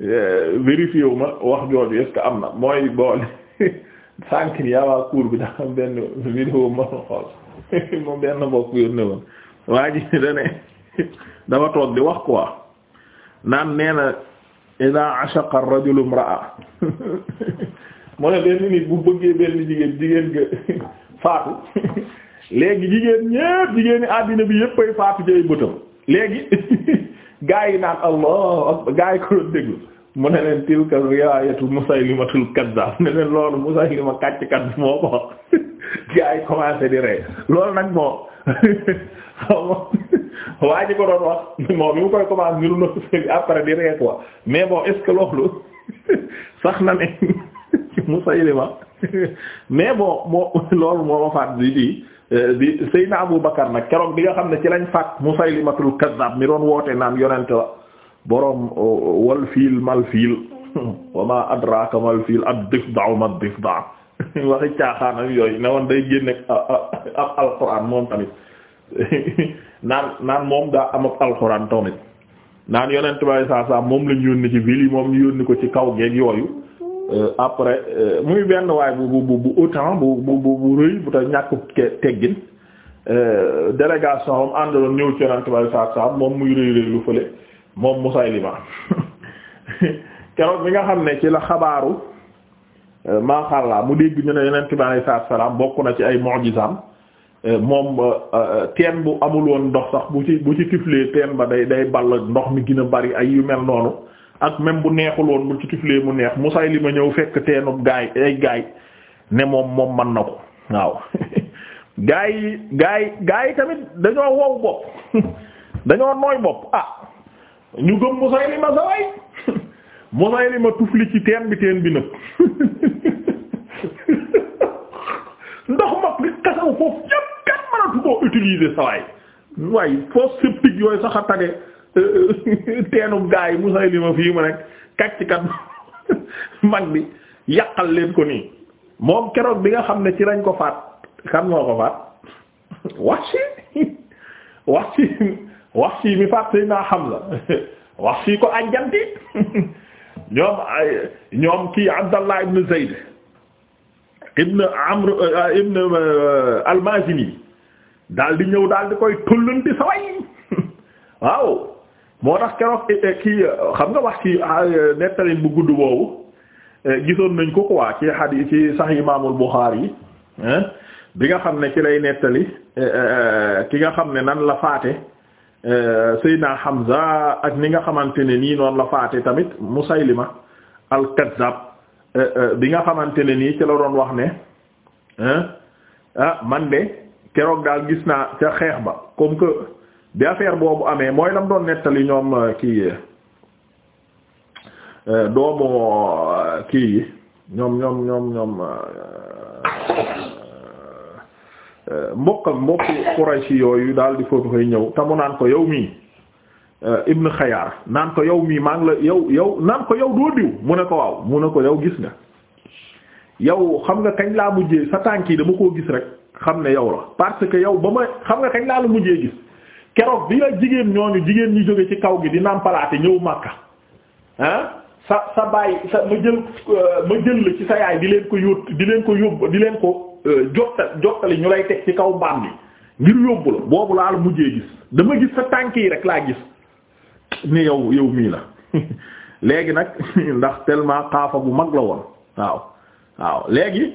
vérifié ma wax jooju est-ce que am na mooy bool sànq ni yaawaa cour bi daa am benn vidéo ma xool moom benn mbokk yoon ne woon waa ji da dafa toog di wax quoi naan nee na ida ashaqa ar-rajulu imra'a mu ne benn nit bu bëggee benn jigéen jigéen nga faatu léegi jigéen ñépp jigéen àddina bi yépp ay faatu ci bëtam léegi gaa yi naan allah gaa yi ko doon mu ne leen tilka riwaayatu musaylimatul kaddaab ne leen loolu musaylima kàcc kat moo ko gaa yi di rey loolu nag moo waa ji doon wax moom bi mu koy commencé niru na après di rey mais bon est sax na ne ci Musaylima mais bon moo loolu moo ma faat bi di di Seydina Abu Bakar nag keroog bi nga xam ne ci lañ faat Musaylimatul Kazzab mi doon woote naan yonent la boroom uh, wal fiil mal fiil wa ma mal fiil ad difda ma difda waxi caaxaan ak yooyu ne woon day génne ab alquran moom tamit naan naan moom daa am ab alquran tamit naan yonent bay saa saa moom lañ yónni ci ville ko ci kaw geeg yooyu Euh, après euh, muy benn waay bu bu bu autant bu bu bu rëy bu te ñàkk teggin euh, délégation am àndaloon ñëw ci yonent bi saa saa moom muy rëy rëy lu fële moom Musaylima keroog bi nga xam ne ci la xabaaru maaxàllaa mu dégg ñu ne yonent bi alayhi salaam bokk na ci ay mu'jizaam moom teen bu amul woon ndox sax bu ci bu ci tiflee teen ba day day ball ndox mi gën bari ay yu mel noonu ak même bu neexul woon bu ci tiflee mu neex Musaylima ñëw fekk teenu gaay ay gaay ne moom moom man na ko waaw gaay yi gaay yi gaay yi tamit dañoo wow bopp dañoo nooy bopp ah ñu gëm Musaylima sa way Musaylima tufli ci teen bi teen bi nëb ndox mag li kasaw foofu yëpp kenn mënatu koo utiliser sa way waaye fosse septique yooyu sax a tage Euh, euh, teenub gaa yi Musaylima fii ma rek kàcckat mag bi yàqal leen ko nii moom keroog bi nga xam ne ci lañ ko faat xam moo ko faat Wahshi Wahshi Wahshi mi faat Seydina Hamza Wahshi ko àjjanti ñoom ñoom kii Abdallah ibn Zayd ibn Amr euh, ibn al-Mazini daal di ñëw daal di koy tollanti saway waaw moo tax keroog eh, eh, kii xam nga wax ci ah, eh, nettalin bu gudd boobu gisoon nañ ko quoi ci hadith ci Sahih Imaamul Bukhari bi nga xam ne ci lay nettali ki nga xam ne nan la faate Seydina Hamza ak ni nga xamante ne nii noon la faate tamit ma al-Kazzab bi nga xamante ne nii ci la doon wax ne ah man de keroog daal gis naa ca xeex ba comme que. bi affaire boobu amee mooy lam doon nettali ñoom euh, kii euh, euh, doomu kii yi ñoom ñoom ñoom ñoom mbokkam mbokku Qurayshi yooyu daal di foofu koy ñëw te naan ko yow mii Ibn Xayaar naan ko yow mii maa ngi la yow yow naan ko yow doo diw mu ne ko waaw mu ne ko yow gis nga yow xam nga kañ laa mujjee sa tànk yi dama koo gis rek xam ne yow la parce que yow ba ma xam nga kañ laa la mujjee gis keroog bi la jigéen ñoo ñooñu jigéen ñi jóge ci kaw gi di nàmpalaate ñëw Makka ah sa sa baay sa ma jël euh, ma jël la ci sa yaay di leen ko yót di leen ko yóbbu di leen ko euh, jotta jottali ñu lay teg ci kaw mbaam bi ngir yóbbu la boobu laa la mujjee gis dama gis sa tànk yi rek laa gis ni yow yow mii la léegi nag ndax tellement xaafa bu mag la woon waaw waaw léegi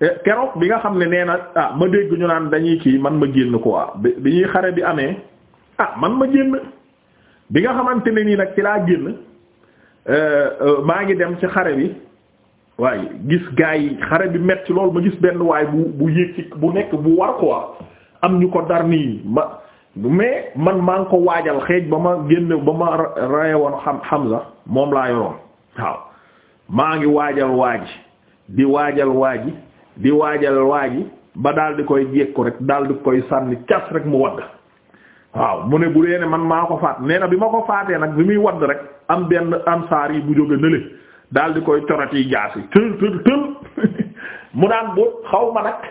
Eh, keroog bi nga xam ne nee na ah ma dégg ñu naan dañuy kii man ma génn quoi bi bi ñuy xare bi amee ah man ma génn bi nga xamante ne nii nag ci laa génn eh, eh, maa ngi dem ci xare bi waaye gis gaa yi xare bi metti lool ma gis benn waay bu bu yéeg ci bu nekk bu war quoi am ñu ko dar nii ma mais man maa ngi ko waajal xeej ba ma génn ba ma rayewoon xam Hamza moom laa yoroon waaw maa ngi waajal waaji di waajal waaji di waajal waaji ba dal di koy jekku rek daal di koy sànni cas rek mu wadd waaw mu ne bu dee ne man maa ko faat nee na bi ma ko faatee nag bi muy wadd rek am benn ansaar yi bu jóge nële daal di koy coroti jaas yi tël tël tël mu naan bu xaw ma nag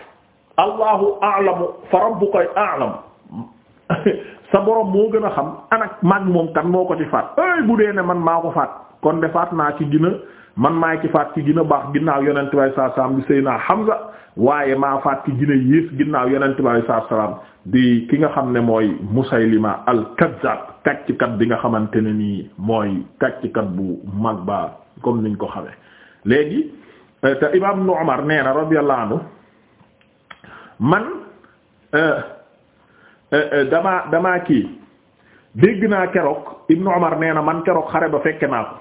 allahu a'lamu fa rabbuka a'lam sa borom moo gën a xam anak mag moom kan moo ko ci faat ay bu dee ne man maa ko faat kon de faat naa ci gina man maa ci faat ci gën baax ginnaaw yonent bi saa salaam di Seydina Hamza waaye maa faat ci gën a yées ginnaaw yonent bi saa salaam di ki nga xam ne mooy Musaylima al-Kazzab kàcckat bi nga xamante ne nii mooy kàcckat bu mag ba comme niñ ko xamee. léegi euh, te Imaam Ibn Umar nee na radiyallahu anhu man euh, euh, damaa damaa kii dégg naa keroog Ibn Umar nee na man keroog xare ba fekke naa ko.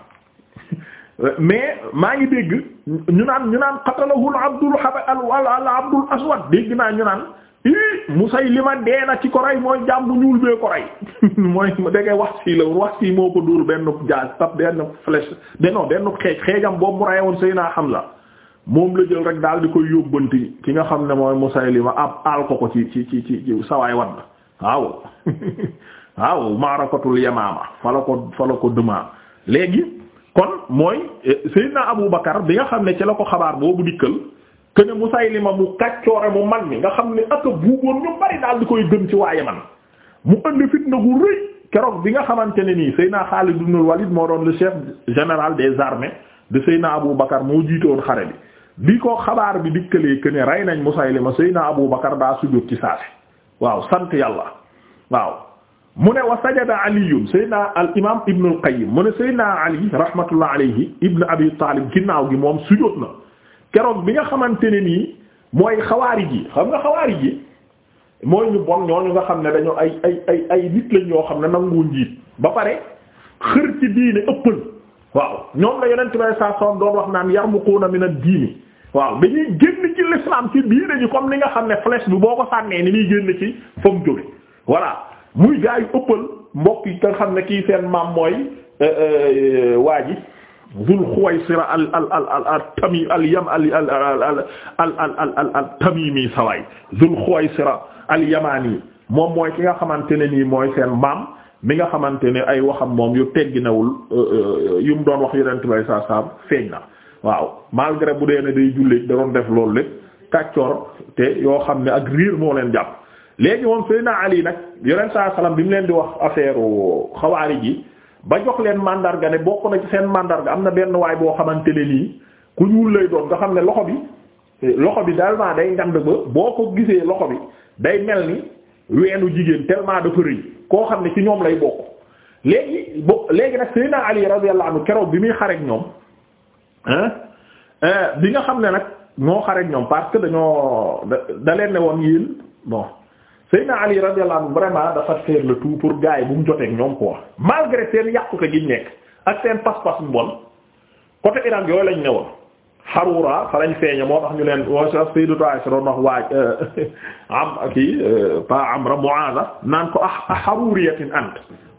mais maa ngi dégg ñu naan ñu naan qatalahu abdul haba abdul aswad dégg naa ñu naan i Musaylima dee na ci ko rey mooy jàmbu ñuul bee ko rey mooy dégg wax si la wax si moo ko dóor benn jaas tab benn flèche benn benn xeej xeejam boobu mu naa Seydina Hamza moom la jël rek daal di koy yóbbanti ki nga xam ne mooy Musaylima ab aal ko ko ci ci ci ci sawaay wadd waaw waaw maarakatul yamaama fa la ko fa la ko dëmaa léegi kon mooy eh, Seydina Abu Bakar bi nga xam ne ci la ko xabaar boobu dikkal que ne ma mu kàccoore mu man mi nga xam ne ak a buuboon ñu bari daal di koy gëm ci waaye man mu indi fitna gu rëy keroog bi nga xamante ne nii naa Xaalid ibn Walid moo doon le chef général des armées de naa Abu Bakar moo jiitoon xare bi bi ko xabaar bi dikkalee que ne rey nañ ma Musaylima naa Abu Bakar daa sujjóot ci saasi waaw sant yàlla waaw mu ne wa sajada aliyun saydna al imam ibn al qayyim mu ne saydna ali rahmatullah alayhi ibn abi talib ginnaaw gi moom sujóot na keroog bi nga xamante ne nii mooy xawaarij yi xam nga xawaarij yi mooy ñu bon ñooñu nga xam ne dañoo ay ay ay ay nit lañ ñoo xam ne nangu njiit ba pare xër ci diine ëppal waaw ñoom la yonent bay saa soon doon wax naan yarmuquuna min ad-diini waaw dañuy génn ci l'islam ci diine comme ni nga xam ne flèche bi boo ko sànnee ni muy génn ci fa mu muy gaa yu ëppal mbokk yi nga xam ne kii seen mooy waa ji Zul Xuwaysira al al al yam al al al al sawaay Zul Xuwaysira al Yamani moom mooy ki nga xamante ne nii mooy seen maam mi nga xamante ne ay waxam moom yu tegginawul yu mu doon wax yeneen tubaab yi saa feeñ na waaw malgré bu dee ne day jullit da doon def loolu lépp kàccoor te yoo xam ne ak riir moo leen jàpp. léegi moom Seydina Ali nag yonent saa salaam bi mu leen di wax affaire xawaari ji ba jox leen mandarga ne bokk na ci seen mandarga am na benn waay boo xamante ne nii ku ñuul lay doon nga xam ne loxo bi loxo bi tellement day ngand ba boo ko gisee loxo bi day mel ni weenu jigéen tellement dafa rëy koo xam ne ci ñoom lay bokk léegi bo léegi nag Seydina Ali radiyallahu anhu keroog bi muy xareek ñoom bi nga xam ne nag ñoo xareek ñoom parce que dañoo leen ne woon Seyna Ali radiyallahu anhu vraiment dafa faire le tout pour gars yi bu mu joteeg ñoom quoi malgré seen yàqute gi nekk ak seen pas-pas mbon côté Iran yooyu lañ ne woon Harura fa lañ feeñe moo tax ñu leen wa Sayyidatu Aisha doon wax waaj euh, am kii euh, pa Amra Mu'aza ah, ah,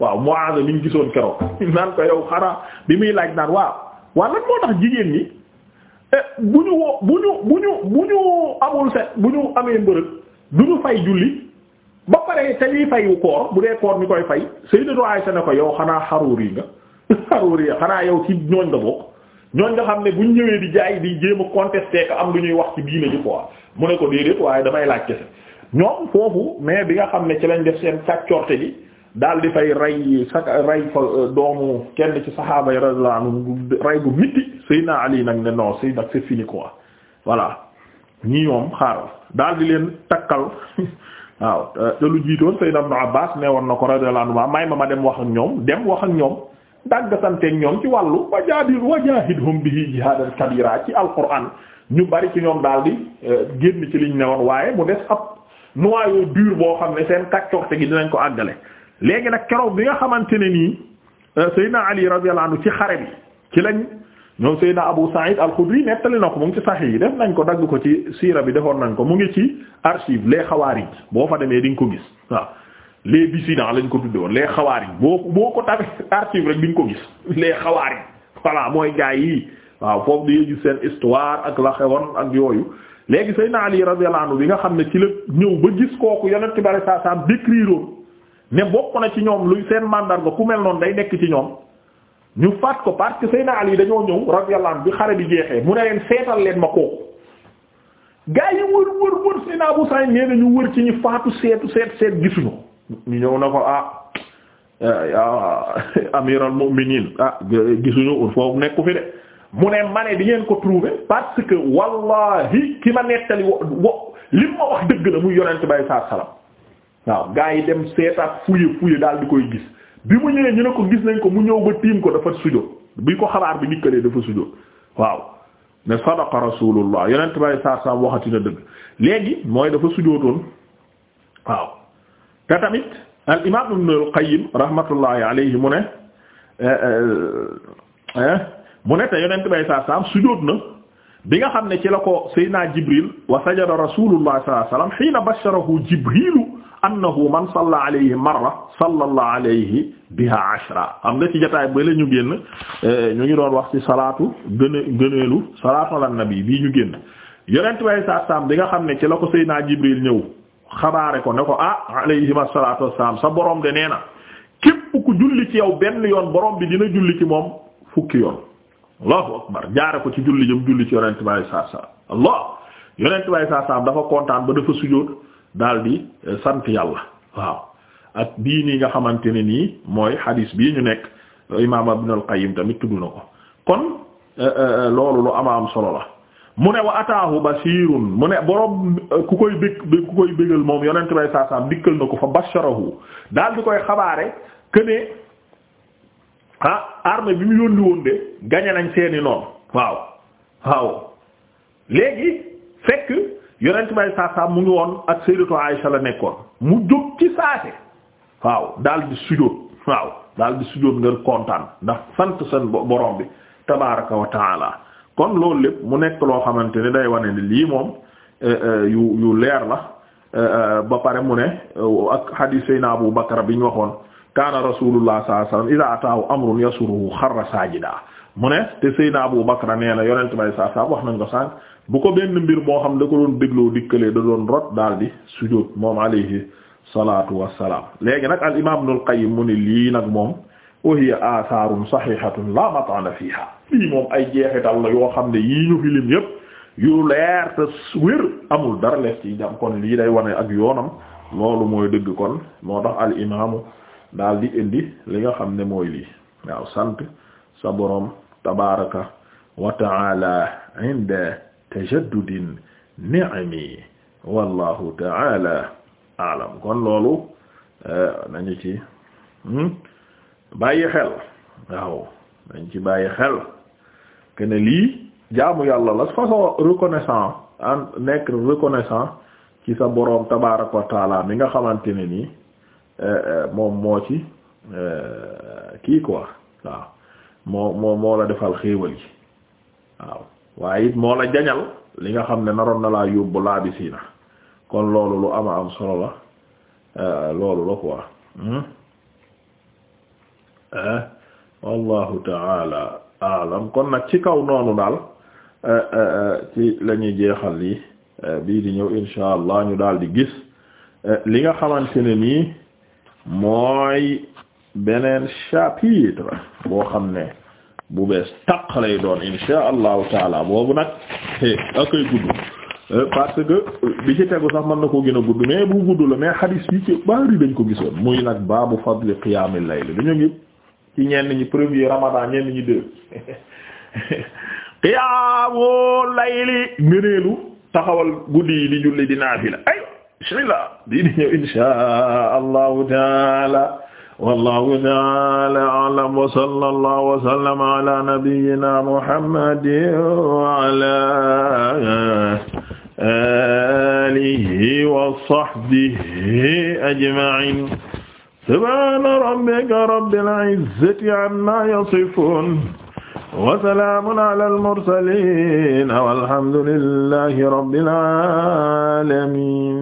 waaw Mu'aza mi ñu gisoon keroog naan ko yow xanaa bi muy laaj naan waaw waaw lan moo tax jigéen ñi eh, bu ñu woo bu ñu bu ñu bu ñu amul set bu ñu amee mbërëg du ñu fay julli. ba pare te liy fayu koor bu dee koor ñu koy fay Sayyidatu Aisha ne ko yow xanaa xaruuri nga xaruuri xanaa yow ci ñooñ nga bokk ñooñ nga xam ne buñ ñëwee di jaay di jéem a ko am lu ñuy wax ci diine ji quoi mu ne ko déedéet waaye damay laaj kese ñoom foofu mais bi nga xam ne ci lañ def seen càccorte gi dal di fay rey sa rey fa euh, doomu kenn ci saxaaba yi radiyallahu anhu rey bu mitti Sayyidina Ali nag ne non si nag si fini quoi voilà ñi ñoom xaaral leen takkal waaw te lu jiitoon na Ibn Abbas ne woon na ko radiyallahu anhu may ma ma dem wax ak ñoom dem wax ak ñoom dàggasanteeg ñoom ci wàllu wajaadil wajaahidhum bihi jihaadan kabira ci alquran ñu bari ci ñoom daal di eh, génn ci liñ ne woon waaye mu des ab noyau dur boo xam ne seen kàccoorte gi dinañ ko àggale. léegi nag keroog bi nga xamante ne nii eh, na Ali radiyallahu anhu ci xare bi ci lañ. ñoom Seydina Abu Sa'id al-Khudri nettali na ko mu ngi ci Sahih yi def nañ ko dagg ko ci siira bi defoon nañ ko mu ngi ci archive les xawaarij boo fa demee di ko gis waaw les dissidents lañ ko tudde woon les xawaarij boo boo ko tamit archive rek di nga ko gis les xawaarij voilà mooy gaa yi waaw foofu di gis seen histoire ak la xewoon ak yooyu léegi Seydina Ali radiyallahu anhu bi nga xam ne ci la ñëw ba gis kooku yonent bi sallallahu alayhi wasallam décrire ne bokk na ci ñoom luy seen mandarga ku mel noonu day nekk ci ñoom ñu faat ko parce que Seydina Ali dañoo ñëw radiyallahu anhu bi xare bi jeexee mu ne leen seetal leen ma kooku gaa yi wër wër wër Seydina Abu Sa'id nee na ñu wër ci ñu faatu seetu seet seet gisuñu ñu ñëw na ko ah ya amiral mu'minin ah gisuñu foofu nekku fi de mu ne ma ne di ngeen ko trouver parce que wallahi ki ma nettali wo wo li ma wax dëgg la muy yonent bay saa salaam waaw gaa yi dem seetaat fuye fuye daal di koy gis bi mu ñëwee ñu ne ko gis nañ ko mu ñëw ba tiim ko dafa sujjóot bi ko xabaar bi dikkalee dafa sujjóot waaw ne sadaqa rasulullah yonent bay saa saa waxati na dëgg léegi mooy dafa sujjóotoon waaw te tamit al imaam ibn al qayyim rahmatullahi alayhi mu ne eh, eh, eh, mu ne te yonent bay saa sujjóot na bi nga xam ne ci la ko Seydina Jibril wa sajada rasulullah sallallahu alayhi wasallam hiina basharahu Jibrilu annahu man salla alayhi marra sallallahu alayhi biha ashra am nga ci jotaay ba la ñu génn eh, ñu ngi doon wax ci salaatu gëne gëneelu salaatu ala nabi bii ñu génn yonent way saa saam bi nga xam ne ci la ko Seydina Jibril ñëw xabaare ko ne ko ah alayhi salaatu wassalaam sa borom de nee na képp ku julli ci yow benn yoon borom bi dina julli ci moom fukki yoon allahu akbar jaare ko ci julli jëm julli ci yonent baay saa saa allah yonent baay saa saa dafa kontaan ba dafa sujjóot daal di eh, sant yàlla waaw ak bii nii nga xamante ne nii mooy hadis bii ñu nekk imaam ibn al qayyim tamit tudd na ko kon eh, eh, loolu lu ama am solo la mu ne wa ataahu basiirun mu ne borom ku koy bég ku koy bégal moom yonent baay saa dikkal na ko fa basharahu daal di koy xabaare këne ah armée bi mu yónni woon de gañe nañ seeni noonu waaw waaw léegi fekk yonent bay saasaam mu ngi woon ak sayyidatu Aisha la nekkoon mu jóg ci saase waaw daal di sujjóot waaw daal di sujjóot ngir kontaan ndax sant seen borom bi tabaaraka wa kon loolu lépp mu nekk loo xamante ne day wane ne lii moom eh, eh, yu yu leer la eh, ba pare mu ne ak xadiis Seydina Abu Bakar bi ñu waxoon kaana rasulullah sallallahu alayhi wasallam idaa ataahu amrun yasuruhu xarra saajida mu ne te Seydina Abu Bakra nee na yonent bay saa wax nañ ko sànq bu ko benn mbir moo xam da ko doon dégloo dikkalee da doon rot daal di sujjóot moom alayhi salaatu wassalaam léegi nag al imaam Ibnul Qayyim mu ne lii nag moom wa hiya athaarun sahihatun la mat'ana fiha lii moom ay jeexital la yoo xam ne yii ñu fi lim yépp yu leer te wér amul dara lees ci jam kon lii day wane ak yoonam loolu mooy daal di indi li nga xam ne mooy lii waaw sant sa boroom tabaraka wa taala inda tajaddudin ni'ami wallahu taala aalam kon loolu eh, hmm, nañu ci bàyyi xel waaw nañ ci bàyyi xel kene lii jaamu yàlla la façon reconnaissant en nekk reconnaissant ci sa boroom tabaraka wa taala mi nga xamante ne nii moom moo ci euh, kii ko waaw moo moo moo la defal xéewal yi waaw waaye it moo la jañal li nga xam ne naroon na laa yóbbu laabisi na kon loolu lu am a am solo la euh, loolu la quoi hmm? eh? wallahu taala alam kon nag ci kaw noonu daal euh, ci lañuy jeexal lii bii di ñëw insha allah ñu daal di gis li nga xamante ne nii mooy beneen chapitre boo xam ne bu bees taq lay doon insha allahu taala boobu nag eh, ak ay gudd eh, parce que eh, bi ci tegu sax mën na koo gën a gudd mais bu gudd la mais hadis yi ci bari dañ ko gisoon muy nag baabu fadli qiyaamil layl dañu ngi ci ñenn ñi premier ramadan ñenn ñi deux qiyaamul layli ngëneelu taxawal guddi yi di julli di naafila ay bismillah bii di ñëw inshaa allahu taala wallahu taala a'lam wa sallallahu wa sallama ala nabiyyina muhammadin wa ala alihi wa sahbihi ajma'in subhana rabbika rabbil izzati amma yasifun wa salaamun ala al-mursaliin walhamdulillahi rabbil aalamiin